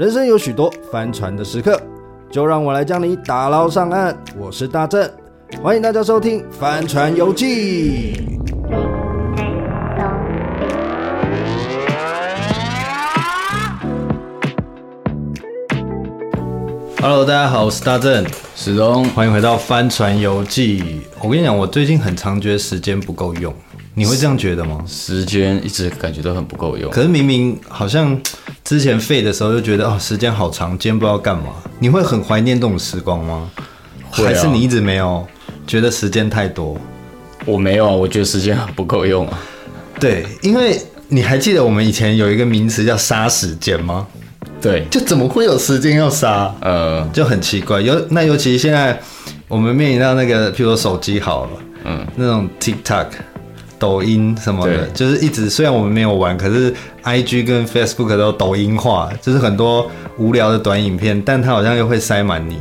人生有許多帆船的時刻，就讓我來將你打撈上岸。我是大正，歡迎大家收聽《帆船遊記》。 Hello，大家好，我是大正，史東，歡迎回到《帆船遊記》。我跟你講，我最近很常覺得時間不夠用，你會這樣覺得嗎？時間一直感覺都很不夠用，可是明明好像。之前廢的時候就覺得哦，時間好長，今天不知道幹嘛。你會很懷念這種時光嗎？啊、還是你一直沒有覺得時間太多？我沒有啊，我覺得時間不夠用啊。對，因為你還記得我們以前有一個名詞叫“殺時間”嗎？對，就怎麼會有時間要殺？呃，就很奇怪。尤那尤其現在我們面臨到那個，譬如說手機好了，嗯，那種 TikTok、ack, 抖音什麼的，對就是一直雖然我們沒有玩，可是。I G 跟 Facebook 都抖音化，就是很多無聊的短影片，但它好像又會塞滿你。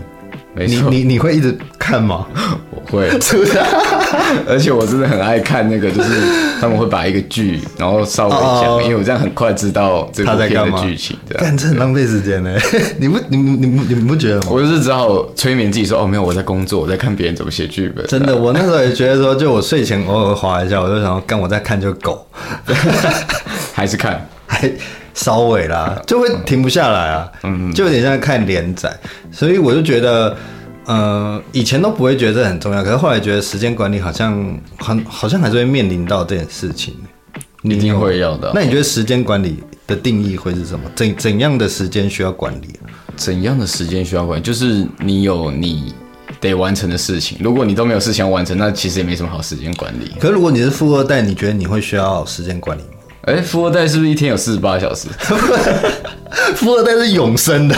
沒錯錯，你你會一直看嗎？我會，是不是啊、 而且我真的很愛看那個，就是他們會把一個劇，然後稍微講，哦哦因為我這樣很快知道這部片的劇情。但這，樣這很浪費時間呢。 你不，你你你不覺得嗎？我就是只好催眠自己說：“哦，沒有，我在工作，我在看別人怎麼寫劇本。”真的，樣我那時候也覺得說，就我睡前偶爾滑一下，我就想說，幹，我再看就狗。 還是看，還稍微啦，就會停不下來啊，嗯，就有點像看連載，所以我就覺得，呃，以前都不會覺得這很重要，可是後來覺得時間管理好像很，好像還是會面臨到這件事情，你有沒有一定會要的、啊。那你覺得時間管理的定義會是什麼？怎怎樣的時間需要管理？怎樣的時間需,、啊、需要管理？就是你有你得完成的事情，如果你都沒有事情要完成，那其實也沒什麼好時間管理。可是如果你是富二代，你覺得你會需要時間管理嗎？哎，富二代是不是一天有四十八小時？富二代是永生的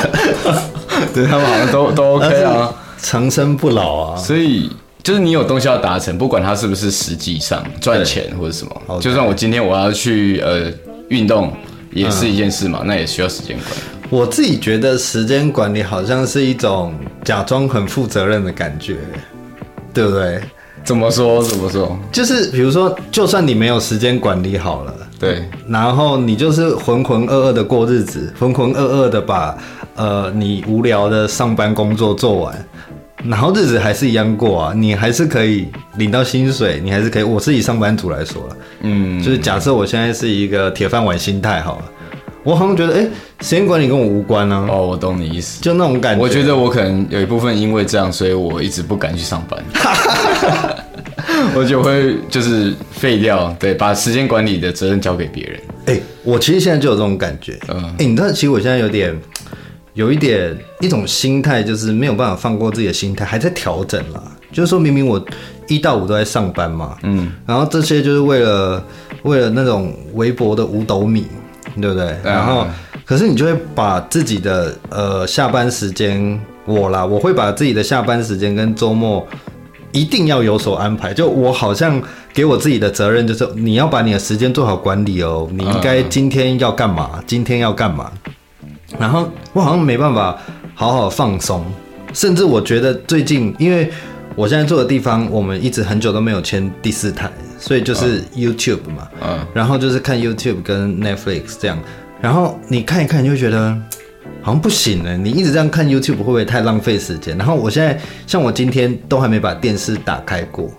對，對他們好像都都 OK 啊，長生不老啊。所以就是你有東西要達成，不管它是不是實際上賺錢或者什麼，對就算我今天我要去呃運動，也是一件事嘛，嗯、那也需要時間管理。我自己覺得時間管理好像是一種假裝很負責任的感覺，對不對？怎麼說怎麼說？麼說就是比如說，就算你沒有時間管理好了。對、嗯，然後你就是渾渾噩噩的過日子，渾渾噩噩的把呃你無聊的上班工作做完，然後日子還是一樣過啊，你還是可以領到薪水，你還是可以。我是以上班族來說了，嗯，就是假設我現在是一個鐵飯碗心態好了，我好像覺得哎，時間管理跟我無關啊。哦，我懂你意思，就那種感覺。我覺得我可能有一部分因為這樣，所以我一直不敢去上班。 我就會就是廢掉，對，把時間管理的責任交給別人。哎、欸，我其實現在就有這種感覺。嗯，哎、欸，你知道，其實我現在有點，有一點一種心態，就是沒有辦法放過自己的心態，還在調整啦。就是說明明我一到五都在上班嘛，嗯，然後這些就是為了為了那種微薄的五斗米，對不對？嗯、然後可是你就會把自己的呃下班時間我啦，我會把自己的下班時間跟週末。一定要有所安排。就我好像給我自己的責任，就是你要把你的時間做好管理哦。你應該今天要幹嘛？Uh, uh. 今天要幹嘛？然後我好像沒辦法好好放鬆，甚至我覺得最近，因為我現在住的地方，我們一直很久都沒有簽第四台，所以就是 YouTube 嘛。嗯。Uh, uh. 然後就是看 YouTube 跟 Netflix 這樣。然後你看一看，你就覺得。好像不行呢、欸，你一直這樣看 YouTube 會不會太浪費時間？然後我現在像我今天都還沒把電視打開過，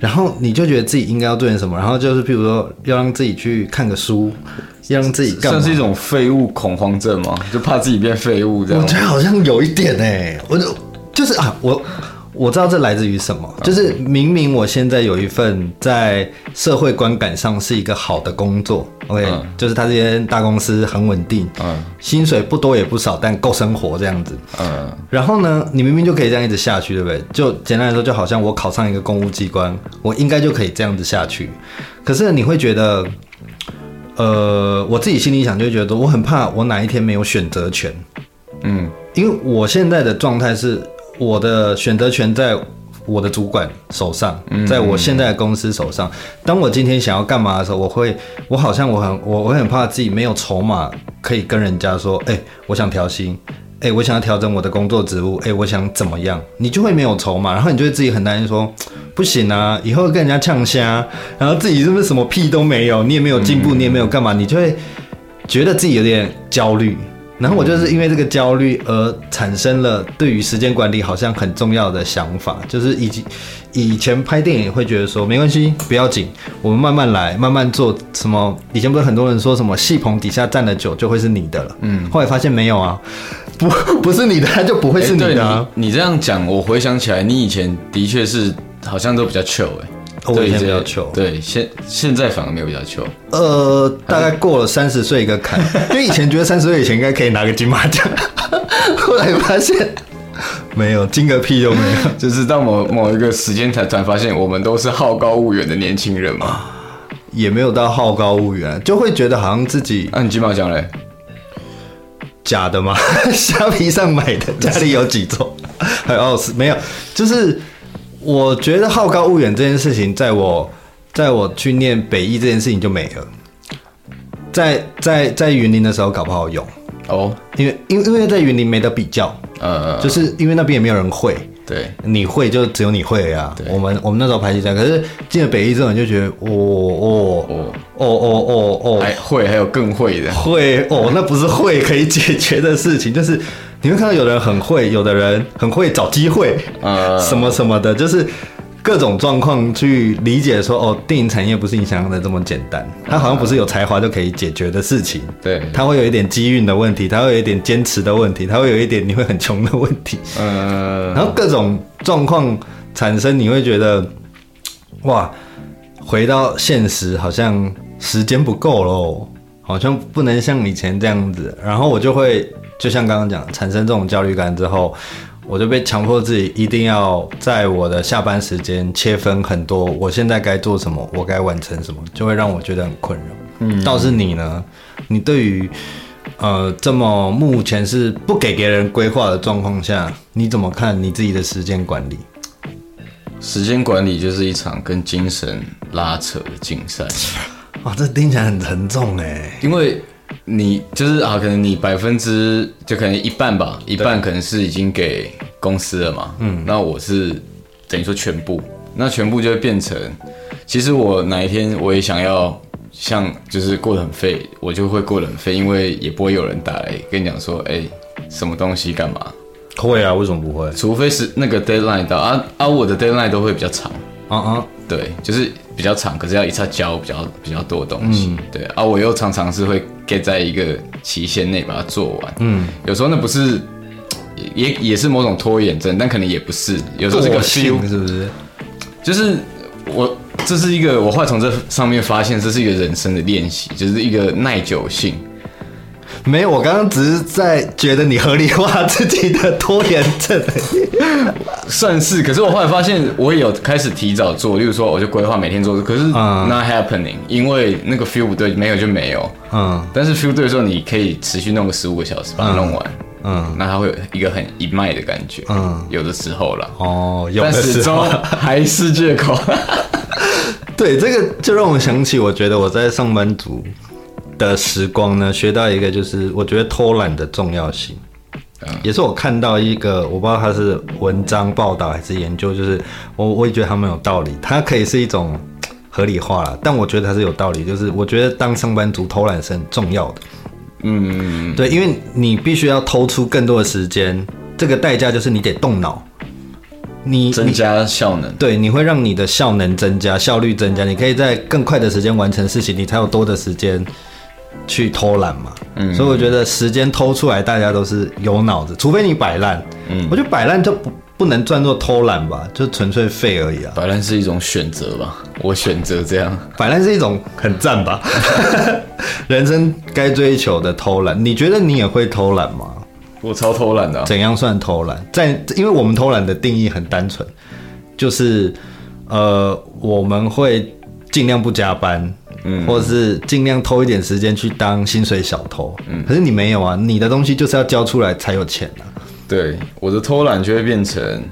然後你就覺得自己應該要做點什麼，然後就是比如說要讓自己去看個書，要讓自己幹。算是一種廢物恐慌症嗎？就怕自己變廢物這樣。我覺得好像有一點呢、欸，我就就是啊我。我知道這來自於什麼，嗯，就是明明我現在有一份在社會觀感上是一個好的工作，OK，嗯，就是他這些大公司很穩定，嗯，薪水不多也不少，但夠生活這樣子，嗯，然後呢，你明明就可以這樣一直下去，對不對？就簡單來說，就好像我考上一個公務機關，我應該就可以這樣子下去。可是你會覺得，呃，我自己心裡想就會覺得我很怕我哪一天沒有選擇權，嗯，因為我現在的狀態是。我的選擇權在我的主管手上，在我現在的公司手上。嗯、當我今天想要幹嘛的時候，我會，我好像我很，我我很怕自己沒有籌碼可以跟人家說，哎、欸，我想調薪，哎、欸，我想要調整我的工作職務，哎、欸，我想怎麼樣，你就會沒有籌碼，然後你就會自己很擔心說，不行啊，以後跟人家嗆瞎，然後自己是不是什麼屁都沒有，你也沒有進步，你也沒有幹嘛，嗯、你就會覺得自己有點焦慮。然後我就是因為這個焦慮而產生了對於時間管理好像很重要的想法，就是以前以前拍電影會覺得說沒關係不要緊，我們慢慢來慢慢做什麼？以前不是很多人說什麼戲棚底下站了久就會是你的了，嗯，後來發現沒有啊，不不是你的他就不會是你的，啊欸你。你這樣講，我回想起來，你以前的確是好像都比較 chill，欸哦、我以前比較窮，對，現現在反而沒有比較窮。呃，大概過了三十歲一個坎，因為 以前覺得三十歲以前應該可以拿個金馬獎，後來發現沒有，金個屁都沒有。就是到某某一個時間才才發現，我們都是好高騖遠的年輕人嘛、啊，也沒有到好高騖遠，就會覺得好像自己……那你金、啊、馬獎嘞？假的嗎？蝦皮上買的？家裡有幾座？是還有、哦、是沒有？就是。我覺得好高騖遠這件事情，在我，在我去念北藝這件事情就沒了。在在在雲林的時候搞不好用哦、oh.，因為因為因為在雲林沒得比較，嗯，uh, uh, uh, uh. 就是因為那邊也沒有人會，對，你會就只有你會呀、啊。對我們我們那時候排擠在，可是進了北藝之後你就覺得，哦哦哦哦哦哦哦，還會還有更會的，會哦，那不是會可以解決的事情，就是。你會看到有的人很會，有的人很會找機會，啊、嗯，什麼什麼的，就是各種狀況去理解說，哦，電影產業不是你想象的這麼簡單，它好像不是有才華就可以解決的事情，對，對對，它會有一點機運的問題，它會有一點堅持的問題，它會有一點你會很窮的問題，嗯，然後各種狀況產生，你會覺得，哇，回到現實好像時間不夠咯，好像不能像以前這樣子，然後我就會。就像剛剛講，產生這種焦慮感之後，我就被強迫自己一定要在我的下班時間切分很多，我現在該做什麼，我該完成什麼，就會讓我覺得很困擾。嗯，倒是你呢？你對於呃這麼目前是不給別人規劃的狀況下，你怎麼看你自己的時間管理？時間管理就是一場跟精神拉扯的競賽。哇、 哦，這聽起來很沉重哎，因為。你就是啊，可能你百分之就可能一半吧，對一半可能是已經給公司了嘛。嗯，那我是等於說全部，那全部就會變成，其實我哪一天我也想要像就是過得很廢，我就會過得很廢，因為也不會有人打來跟你講說，哎、欸，什麼東西幹嘛？會啊，為什麼不會？除非是那個 deadline 到啊啊，啊我的 deadline 都會比較長啊啊，嗯嗯對，就是。比較長，可是要一次交比較比較多東西，嗯、對而、啊、我又常常是會 get 在一個期限內把它做完，嗯，有時候那不是也也是某種拖延症，但可能也不是，有時候這個 feel 是不是？就是我這是一個，我會從這上面發現這是一個人生的練習，就是一個耐久性。沒有，我剛剛只是在覺得你合理化自己的拖延症。 算是，可是我後來發現，我也有開始提早做，例如說，我就規劃每天做，可是 not happening、嗯、因為那個 feel 不對，沒有就沒有。嗯，但是 feel 對的時候，你可以持續弄個十五個小時把它弄完。嗯，那、嗯、它會有一個很一脈的感覺。嗯、有、哦，有的時候啦。哦，有的但是還是借口。 對，這個就讓我想起，我覺得我在上班族。的時光呢？學到一個就是，我覺得偷懶的重要性，啊、也是我看到一個，我不知道它是文章報道還是研究，就是我我也覺得它們有道理，它可以是一種合理化了，但我覺得它是有道理。就是我覺得當上班族偷懶是很重要的，嗯，嗯，嗯嗯、對，因為你必須要偷出更多的時間，這個代價就是你得動腦，你，你增加效能，對，你會讓你的效能增加，效率增加，你可以在更快的時間完成事情，你才有多的時間。去偷懶嘛，嗯，所以我覺得時間偷出來，大家都是有腦子，除非你擺爛，嗯，我覺得擺爛就不不能算作偷懶吧，就純粹廢而已啊。擺爛是一種選擇吧？我選擇這樣。擺爛是一種很讚吧？ 人生該追求的偷懶，你覺得你也會偷懶嗎？我超偷懶的啊。怎樣算偷懶？在因為我們偷懶的定義很單純，就是呃，我們會盡量不加班。嗯、或者是盡量偷一點時間去當薪水小偷。嗯，可是你沒有啊，你的東西就是要交出來才有錢啊。對，我的偷懶就會變成，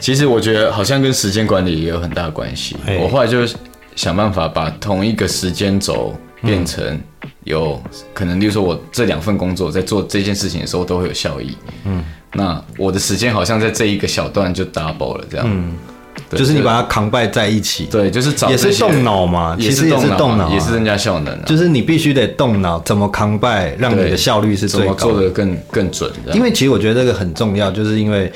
其實我覺得好像跟時間管理也有很大的關係。欸、我後來就想辦法把同一個時間軸變成有、嗯、可能，例如說我這兩份工作在做這件事情的時候都會有效益。嗯，那我的時間好像在這一個小段就 double 了這樣。嗯。就是你把它 combine 在一起，對，對，就是找也是動腦嘛，其實也是動腦，啊，也是增加效能，啊。就是你必須得動腦，怎麼 combine，讓你的效率是最高的，做的更更準。因為其實我覺得這個很重要，就是因為，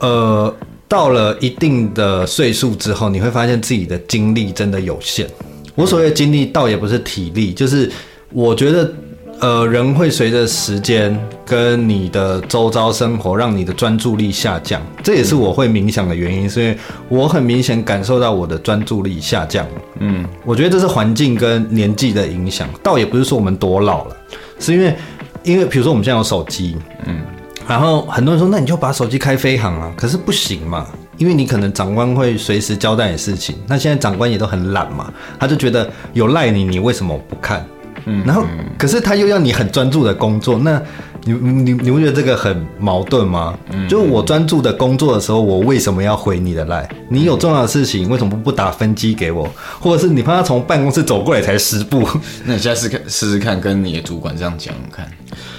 呃，到了一定的歲數之後，你會發現自己的精力真的有限。我所謂的精力，倒也不是體力，就是我覺得。呃，人會隨着時間跟你的周遭生活，讓你的專注力下降。這也是我會冥想的原因，嗯、是因為我很明顯感受到我的專注力下降。嗯，我覺得這是環境跟年紀的影響，倒也不是說我們多老了，是因為，因為比如說我們現在有手機，嗯，然後很多人說那你就把手機開飛行啊，可是不行嘛，因為你可能長官會隨時交代你事情，那現在長官也都很懶嘛，他就覺得有賴你，你為什麼不看？嗯嗯然後，可是他又要你很專注的工作，那你你你，你不覺得這個很矛盾嗎？嗯嗯嗯就是我專注的工作的時候，我為什麼要回你的賴？你有重要的事情，嗯、為什麼不打分機給我？或者是你怕他從辦公室走過來才十步？那你現在試試，試試看，跟你的主管這樣講看，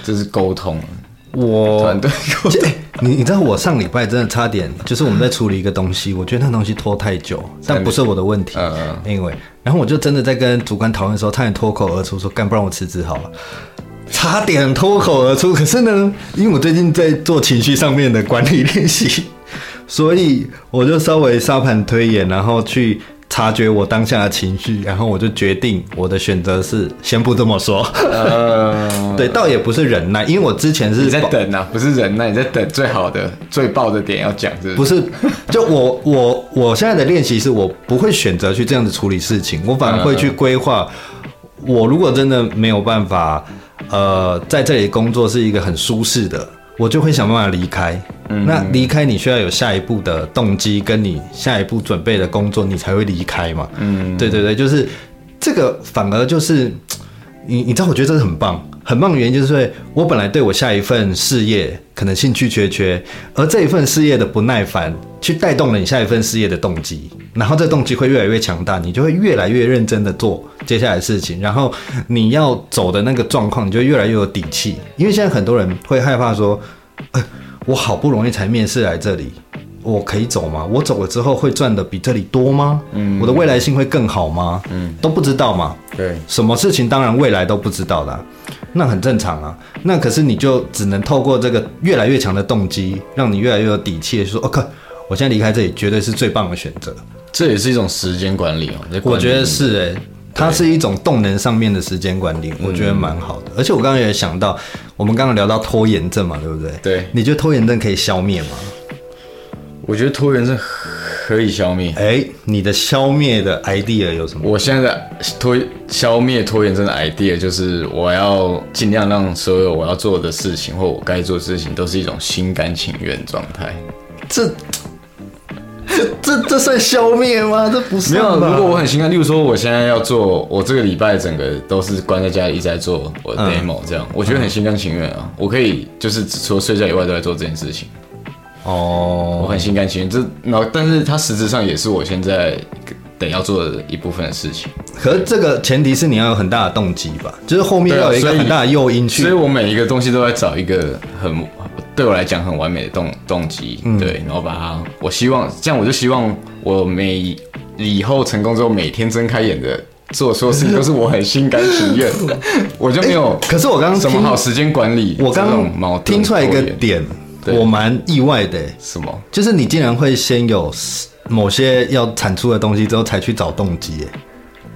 這是溝通，我團，團隊溝通。你你知道我上禮拜真的差點，就是我們在處理一個東西，我覺得那個東西拖太久，但不是我的問題，因為然後我就真的在跟主管討論的時候，差點脫口而出說幹不然我辭職好了，差點脫口而出，可是呢，因為我最近在做情緒上面的管理練習，所以我就稍微沙盤推演，然後去。察覺我當下的情緒，然後我就決定我的選擇是先不這麼說。呃、 對，倒也不是忍耐，因為我之前是你在等啊，不是忍耐，你在等最好的、最爆的點要講，是不是？不是，就我我我現在的練習是，我不會選擇去這樣子處理事情，我反而會去規劃。呃、我如果真的沒有辦法，呃，在這裡工作是一個很舒適的。我就會想辦法離開，嗯、那離開你需要有下一步的動機，跟你下一步準備的工作，你才會離開嘛。嗯，對對對，就是這個，反而就是你，你知道，我覺得這是很棒。很棒的原因就是，我本來對我下一份事業可能興趣缺缺，而這一份事業的不耐煩，去帶動了你下一份事業的動機，然後這動機會越來越強大，你就會越來越認真的做接下來的事情，然後你要走的那個狀況，你就越來越有底氣，因為現在很多人會害怕說，呃、我好不容易才面試來這裡，我可以走嗎？我走了之後會賺得比這裡多嗎？嗯、我的未來性會更好嗎？嗯、都不知道嘛。對，什麼事情當然未來都不知道的、啊。那很正常啊，那可是你就只能透過這個越來越強的動機，讓你越來越有底氣說：哦，可，可我現在離開這裡絕對是最棒的選擇。這也是一種時間管理哦，理我覺得是哎、欸，對它是一種動能上面的時間管理，我覺得蠻好的。嗯、而且我剛剛也想到，我們剛剛聊到拖延症嘛，對不對？對，你覺得拖延症可以消滅嗎？我覺得拖延症很。可以消滅？哎，你的消滅的 idea 有什麼？我現在拖，消滅拖延症的 idea 就是，我要盡量讓所有我要做的事情或我該做的事情都是一種心甘情願狀態。這、這、這、這算消滅嗎？這不是沒有。如果我很心甘，例如說，我現在要做，我這個禮拜整個都是關在家裡一直在做我的 demo，這樣、嗯、我覺得很心甘情願啊。嗯、我可以就是除了睡覺以外都在做這件事情。哦，oh。我很心甘情願，這那但是它實質上也是我現在等要做的一部分的事情。可是這個前提是你要有很大的動機吧，就是後面要有一個很大的誘因去。啊、所以、所以我每一個東西都在找一個很對我來講很完美的動動機，對，嗯、然後把它。我希望這樣，我就希望我每以後成功之後，每天睜開眼的做所有事情都、就是我很心甘情願， 我就沒有、欸。可是我剛剛怎麼好時間管理？我剛剛聽出來一個點。對我蠻意外的，欸，什麼嗎？就是你竟然會先有某些要產出的東西之後才去找動機，欸。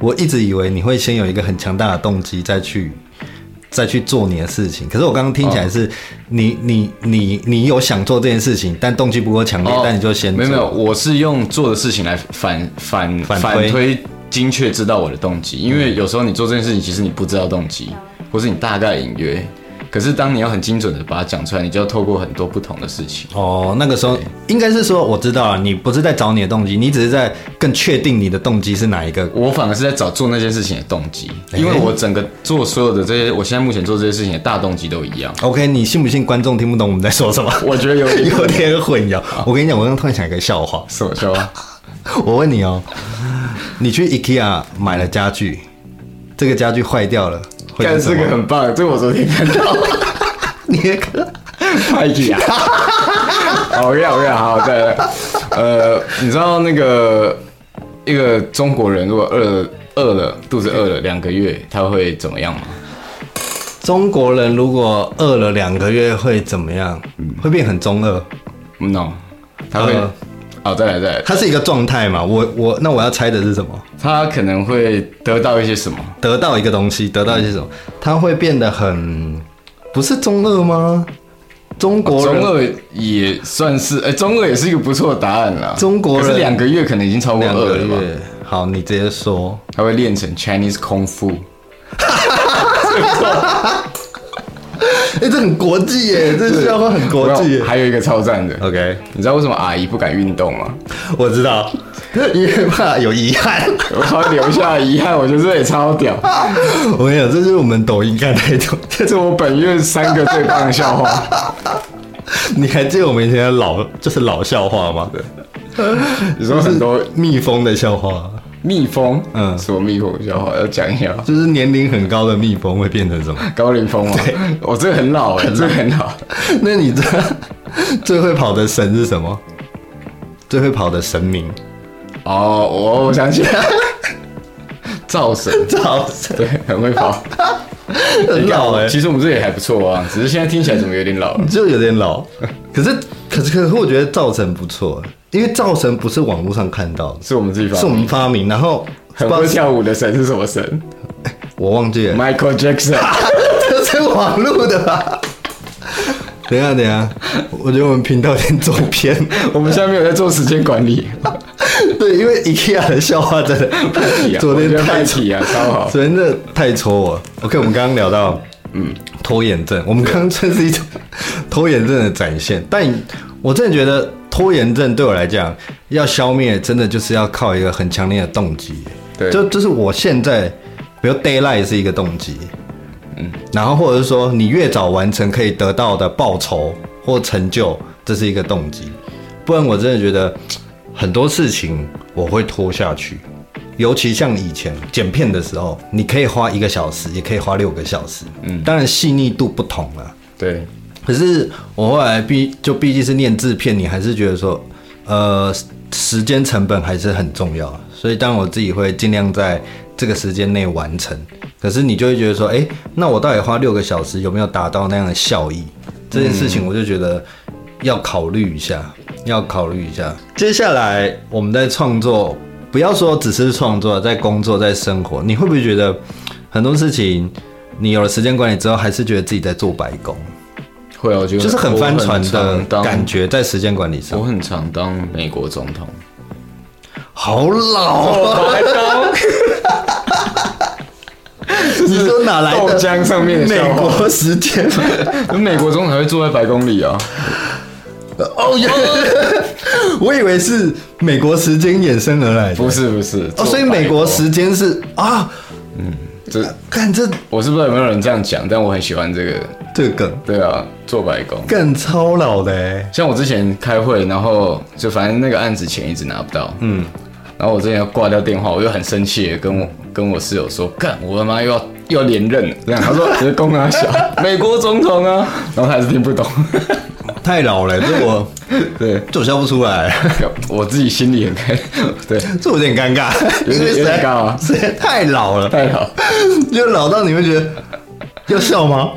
我一直以為你會先有一個很強大的動機，再去再去做你的事情。可是我剛剛聽起來是你，哦你，你你你你有想做這件事情，但動機不夠強烈，哦，但你就先做……沒有沒有，我是用做的事情來反反反推，反推精確知道我的動機。因為有時候你做這件事情，其實你不知道動機，嗯，或是你大概隱約。可是，當你要很精準的把它講出來，你就要透過很多不同的事情。哦，oh, 那個時候對應該是說，我知道了，你不是在找你的動機，你只是在更確定你的動機是哪一個？我反而是在找做那件事情的動機，因為我整個做所有的這些，我現在目前做這些事情的大動機都一樣。OK，你信不信觀眾聽不懂我們在說什麼？我覺得有點 有點混淆。我跟你講，我剛剛突然想一個笑話。什麼笑話？ 我問你哦，你去 IKEA 買了家具，這個家具壞掉了。干是個很棒，這個我昨天看到。 你別看，快點。好好，OK，OK，好，再來。呃，你知道那個一個中國人如果餓了，餓了，肚子餓了兩個月他會怎麼樣嗎？中國人如果餓了兩個月會怎麼樣？嗯、會變很中二。No，他會。好、呃哦，再來，再來。他是一個狀態嘛？我我那我要猜的是什麼？他可能會得到一些什麼？得到一個東西，得到一些什麼？嗯、他會變得很，不是中二嗎？中國中二也算是，哎、欸，中二也是一個不錯的答案啦。中國人兩個月可能已經超過兩個月。吧好，你直接說，他會練成 Chinese Kung Fu。哈哈哈哈哈！哎，這很國際耶，這笑話很國際。還有一個超讚的，OK，你知道為什麼阿姨不敢運動嗎？我知道。因為怕有遺憾，我怕留下遺憾，我覺得這也超屌。 我跟你講，這是我們抖音看太多， 這是我本月三個最棒的笑話。你還記得我們以前的老，就是老笑話嗎？對，你說很多蜜蜂的笑話。蜜蜂？嗯，什麼蜜蜂的笑話、嗯、要講一下？就是年齡很高的蜜蜂會變成什麼？高齡蜂啊？我對、喔、這個很老，我這個很老。很好那你這 最會跑的神是什麼？最會跑的神明？哦，我我想起來， 造神，造神，對，很會跑，很老哎。其實我們這也還不錯啊，只是現在聽起來怎麼有點老就有點老，可是可是可是，可是我覺得造神不錯，因為造神不是網絡上看到的，是我們自己發明，是我們發明。然後、嗯、很會跳舞的神是什麼神？我忘記了。Michael Jackson，、啊、這是網絡的吧？ 等下等下，我覺得我們頻道有點走偏， 我們現在沒有在做時間管理。對，因為 IKEA 的笑話真的，太、啊、昨天太醜啊！超好，昨天真的太戳我。OK 我們剛剛聊到，嗯，拖延症，嗯、我們剛剛這是一種拖延症的展現。對但我真的覺得拖延症對我來講，要消滅真的就是要靠一個很強烈的動機。對，就就是我現在，比如 deadline 是一個動機，嗯，然後或者是說你越早完成可以得到的報酬或成就，這是一個動機。不然我真的覺得。很多事情我會拖下去，尤其像以前剪片的時候，你可以花一個小時，也可以花六個小時，嗯，當然細膩度不同了，啊。對，可是我後來畢就畢竟是念製片，你還是覺得說，呃，時間成本還是很重要，所以當然我自己會盡量在這個時間內完成。可是你就會覺得說，誒、欸，那我到底花六個小時有沒有達到那樣的效益？這件事情我就覺得。嗯要考慮一下，要考慮一下。接下來我們在創作，不要說只是創作，在工作，在生活，你會不會覺得很多事情，你有了時間管理之後，還是覺得自己在做白工？會啊，我覺得就是很翻船的感覺，在時間管理上。我很常當美國總統，好老啊！你說哪來的江上面美國時間？ 美國總統會坐在白宮裡啊？哦喲！我以為是美國時間衍生而來的，不是不是哦，所以美國時間是啊，嗯，這幹這我是不知道有沒有人這樣講？但我很喜歡這個這個梗，對啊，做白工梗超老的，像我之前開會，然後就反正那個案子錢一直拿不到，嗯，然後我之前要掛掉電話，我又很生氣，跟我跟我室友說，幹我媽又要又要連任，這樣他說白宮啊，小美國總統啊，然後他還是聽不懂。太老了，這我對，這我笑不出來，我自己心裡很開，對，這有點尷尬，有點尷尬？是太老了？太老，就老到你會覺得要笑嗎？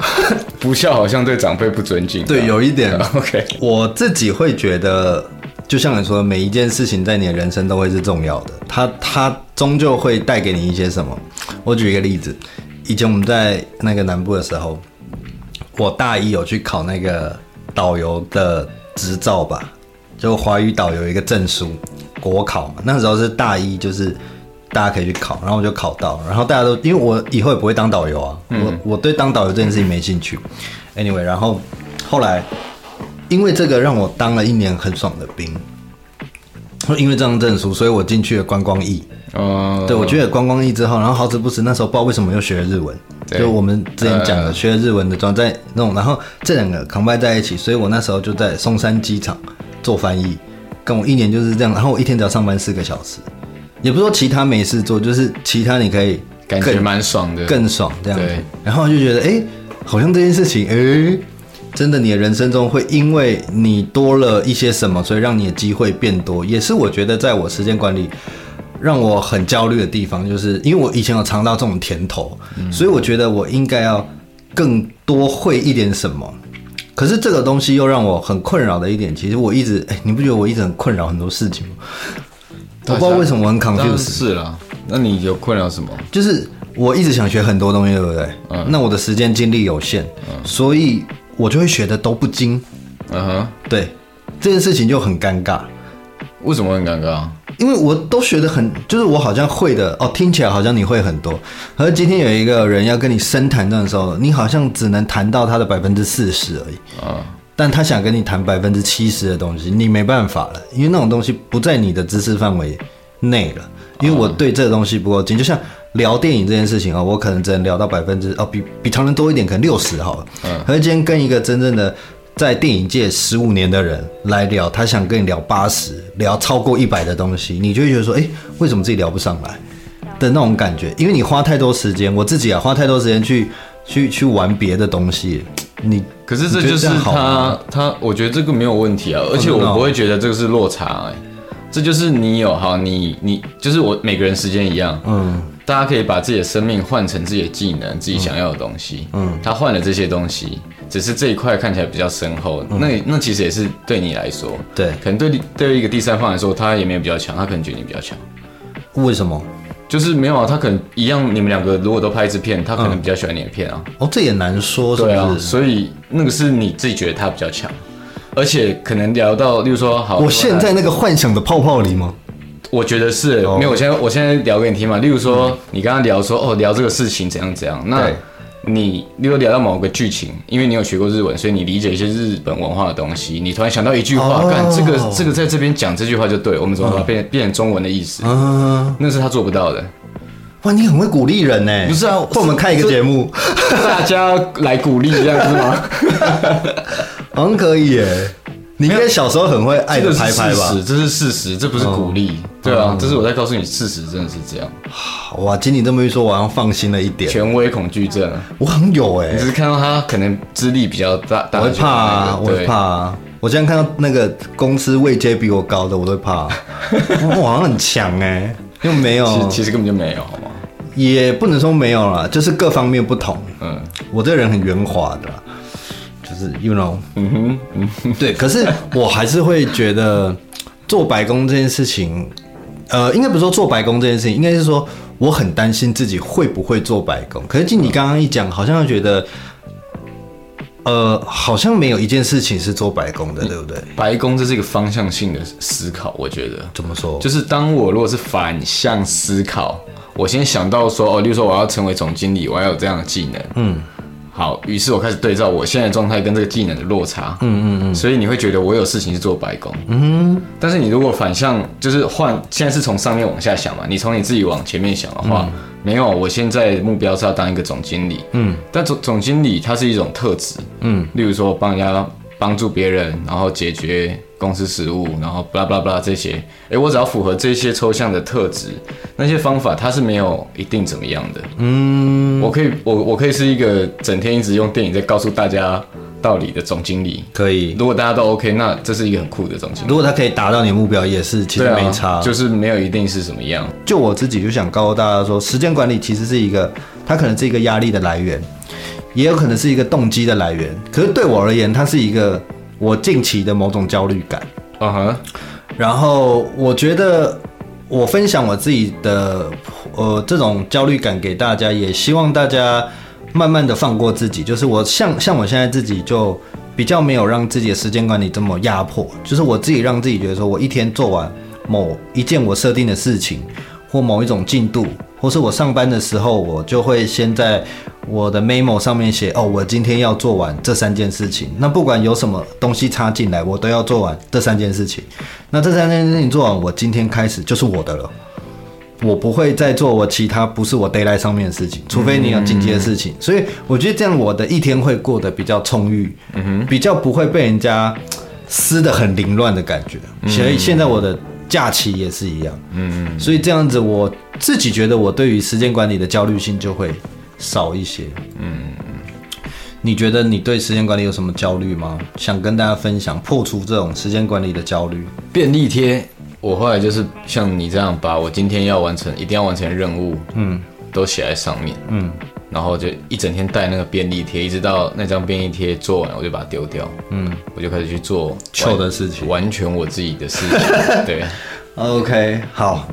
不笑好像對長輩不尊敬。對，有一點。OK，我自己會覺得，就像你說的，每一件事情在你的人生都會是重要的，它它終究會帶給你一些什麼。我舉一個例子，以前我們在那個南部的時候，我大一有去考那個。導遊的執照吧，就華語導遊一個證書，國考嘛。那時候是大一，就是大家可以去考，然後我就考到，然後大家都，因為我以後也不會當導遊啊，嗯、我我對當導遊這件事情沒興趣。嗯、Anyway，然後後來因為這個讓我當了一年很爽的兵。因為這張證書，所以我進去了觀光藝。哦、oh，對，我覺得觀光藝之後，然後好死不死，那時候不知道為什麼又學了日文，對就我們之前講的學了日文的裝，主要在弄。然後這兩個 combine 在一起，所以我那時候就在松山機場做翻譯，跟我一年就是這樣。然後我一天只要上班四個小時，也不說其他沒事做，就是其他你可以感覺蠻爽的，更爽這樣子。對然後就覺得哎、欸，好像這件事情哎。欸真的，你的人生中會因為你多了一些什麼，所以讓你的機會變多，也是我覺得在我時間管理讓我很焦慮的地方，就是因為我以前有嘗到這種甜頭，嗯。所以我覺得我應該要更多會一點什麼。可是這個東西又讓我很困擾的一點，其實我一直，哎，你不覺得我一直很困擾很多事情嗎？但是，我不知道為什麼我很抗拒。是，是啦，那你有困擾什麼？就是我一直想學很多東西，對不對？嗯。那我的時間精力有限，嗯。所以。我就會學的都不精、uh，嗯哼，對，這件事情就很尷尬。為什麼很尷尬？因為我都學的很，就是我好像會的哦，聽起來好像你會很多，可是今天有一個人要跟你深談的時候，你好像只能談到他的百分之四十而已。嗯、uh，huh，但他想跟你談百分之七十的東西，你沒辦法了，因為那種東西不在你的知識範圍內了。因為我對這個東西不夠精，就像聊電影這件事情啊、哦，我可能只能聊到百分之哦，比比常人多一點，可能六十好了。嗯。而今天跟一個真正的在電影界十五年的人來聊，他想跟你聊八十，聊超過一百的東西，你就會覺得說，哎，為什麼自己聊不上來的那種感覺？因為你花太多時間，我自己啊，花太多時間去去去玩別的東西。你可是這就是他好他，他我覺得這個沒有問題啊，而且我不會覺得這個是落差哎。這就是你有好，你你就是我每個人時間一樣，嗯，大家可以把自己的生命換成自己的技能，嗯、自己想要的東西，嗯，他換了這些東西，只是這一塊看起來比較深厚，嗯、那那其實也是對你來說，對、嗯，可能對對於一個第三方來說，他也沒有比較強，他可能覺得你比較強，為什麼？就是沒有啊，他可能一樣，你們兩個如果都拍一支片，他可能比較喜歡你的片啊，嗯、哦，這也難說是不是？對啊，所以那個是你自己覺得他比較強。而且可能聊到，例如說，好，我現在那個幻想的泡泡裡嗎？我覺得是沒有。我現在，我現在聊給你聽嘛。例如說，你剛剛聊說哦，聊這個事情怎樣怎樣。那你，例如聊到某個劇情，因為你有學過日文，所以你理解一些日本文化的東西。你突然想到一句話，幹，這個，這個在這邊講這句話就對，我們怎麼說，變變成中文的意思。嗯，那是他做不到的。哇，你很會鼓勵人呢。不是啊，或我們看一個節目，大家來鼓勵這樣子嗎？很可以耶。你應該小時候很會愛的拍拍吧？這是事實，這是事實，這不是鼓勵。對啊，這是我在告訴你事實，真的是這樣。哇，經理這麼一說，我好像放心了一點。權威恐懼症，我很有誒。你只是看到他可能資歷比較大，我會怕啊，我會怕啊。我現在看到那個公司位階比我高的，我都會怕。我好像很強誒，又沒有，其實根本就沒有好嗎？也不能說沒有啦，就是各方面不同。嗯，我這個人很圓滑的。就是，you know，嗯哼，嗯哼，對。可是我還是會覺得，做白工這件事情，呃，應該不是說做白工這件事情，應該是說我很擔心自己會不會做白工。可是聽，你剛剛一講，嗯、好像覺得，呃，好像沒有一件事情是做白工的，嗯、對不對？白工這是一個方向性的思考，我覺得。怎麼說？就是當我如果是反向思考，我先想到說，哦，例如說我要成為總經理，我要有這樣的技能，嗯。好，於是我開始對照我現在狀態跟這個技能的落差。嗯嗯嗯。所以你會覺得我有事情是做白工。嗯哼。但是你如果反向，就是換，現在是從上面往下想嘛？你從你自己往前面想的話，嗯、沒有。我現在目標是要當一個總經理。嗯。但總總經理它是一種特質。嗯。例如說，幫人家幫助別人，然後解決。公司食物，然後巴拉巴拉 b 這些，哎、欸，我只要符合這些抽象的特質，那些方法它是沒有一定怎麼樣的。嗯，我可以，我我可以是一個整天一直用電影在告訴大家道理的總經理。可以，如果大家都 OK，那這是一個很酷的總經理。如果他可以達到你的目標，也是其實、啊、沒差，就是沒有一定是什麼樣。就我自己就想告訴大家說，時間管理其實是一個，它可能是一個壓力的來源，也有可能是一個動機的來源。可是對我而言，它是一個。我近期的某種焦慮感，uh，嗯哼，然後我覺得我分享我自己的呃這種焦慮感給大家，也希望大家慢慢地放過自己。就是我像像我現在自己就比較沒有讓自己的時間管理這麼壓迫，就是我自己讓自己覺得說我一天做完某一件我設定的事情，或某一種進度，或是我上班的時候，我就會先在。我的 memo 上面寫哦，我今天要做完這三件事情。那不管有什麼東西插進來，我都要做完這三件事情。那這三件事情做完，我今天開始就是我的了。我不會再做我其他不是我 deadline 上面的事情，除非你有緊急的事情。嗯嗯嗯，所以我覺得這樣我的一天會過得比較充裕，嗯、哼比較不會被人家撕的很凌亂的感覺。所以現在我的假期也是一樣。嗯嗯嗯，所以這樣子我自己覺得我對於時間管理的焦慮性就會。少一些，嗯，你覺得你對時間管理有什麼焦慮嗎？想跟大家分享，破除這種時間管理的焦慮。便利貼，我後來就是像你這樣，把我今天要完成，一定要完成的任務，嗯，都寫在上面，嗯，然後就一整天帶那個便利貼，一直到那張便利貼做完，我就把它丟掉，嗯，我就開始去做錯的事情，完全我自己的事情。 對，OK，好，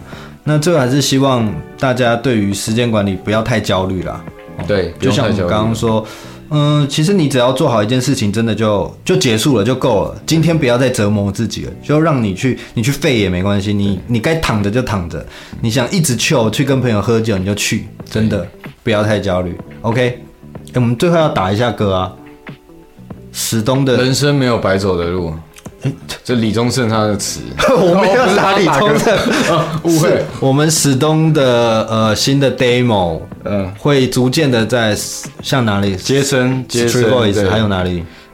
那最後還是希望大家對於時間管理不要太焦慮了。對，就像我剛剛說，嗯，其實你只要做好一件事情，真的就就結束了，就夠了。今天不要再折磨自己了，就讓你去，你去廢也沒關係，你你該躺着就躺着，你想一直去去跟朋友喝酒你就去，真的對不要太焦慮。OK，欸，我們最後要打一下歌啊，史東的人生沒有白走的路。這、欸、李宗盛他的詞， 我沒有殺李宗盛、， 呃，誤誤會，我們史東的呃新的 demo，嗯、呃，會逐漸的在向哪裡接生，接生，還有哪裡？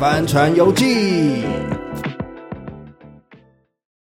《帆船遊記》